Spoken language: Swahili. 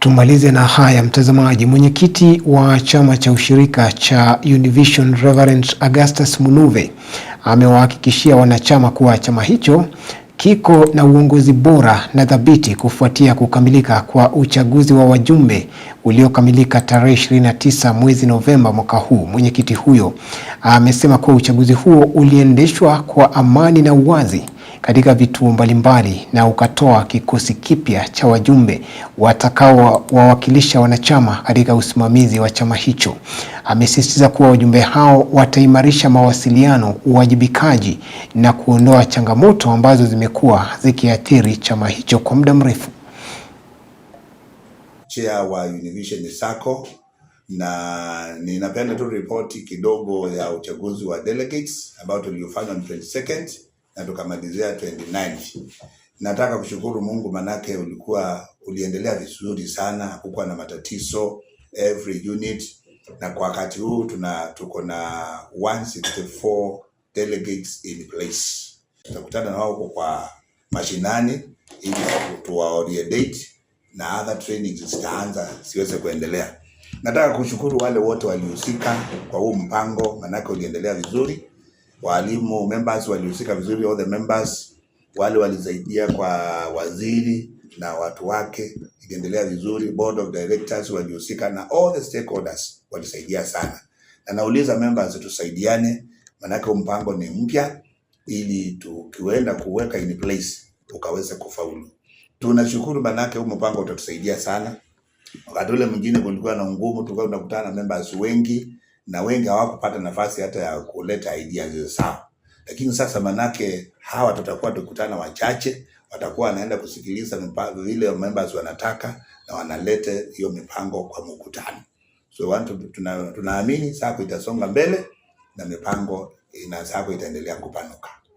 Tumalize na haya mtazamaji. Mwenyekiti wa chama cha ushirika cha Univision Reverend Augustus Munuve amewahakikishia wanachama kuwa chama hicho kiko na uongozi bora na thabiti kufuatia kukamilika kwa uchaguzi wa wajumbe uliokamilika tarehe 29 mwezi Novemba mwaka huu. Mwenyekiti huyo amesema kuwa uchaguzi huo uliendeshwa kwa amani na uwazi katika vituo mbalimbali na ukatoa kikosi kipya cha wajumbe watakaowawakilisha wanachama katika usimamizi wa chama hicho. Amesisitiza kuwa wajumbe hao wataimarisha mawasiliano, uwajibikaji na kuondoa changamoto ambazo zimekuwa zikiathiri chama hicho kwa muda mrefu. Chair wa Univision Sacco na ninapenda tu ripoti kidogo ya uchaguzi wa delegates ambao tuliofanya on 22nd na tukamalizia 29. Nataka kushukuru Mungu manake ulikuwa uliendelea vizuri sana, hakukuwa na matatizo every unit, na kwa wakati huu tuna tuko na 164 delegates in place. Tutakutana na wao kwa mashinani ili tuwaorientate na other trainings zitaanza siweze kuendelea. Nataka kushukuru wale wote walihusika kwa huu mpango, manake uliendelea vizuri walimu members walihusika vizuri, all the members wale walisaidia kwa waziri na watu wake, ikaendelea vizuri. Board of directors walihusika na all the stakeholders walisaidia sana, na nauliza members, tusaidiane, manake mpango ni mpya, ili tukiwenda kuweka in place ukaweze kufaulu. Tunashukuru, manake huu mpango utatusaidia sana. Wakati ule mwingine kulikuwa na ngumu, tulikuwa tunakutana na members wengi na wengi hawakupata nafasi hata ya kuleta idea zao. Lakini sasa manake hawa tutakuwa tukutana wachache, watakuwa wanaenda kusikiliza vile members wanataka na wanalete hiyo mipango kwa mkutano. So watu tunaamini tuna SACCO itasonga mbele na mipango ina SACCO itaendelea kupanuka.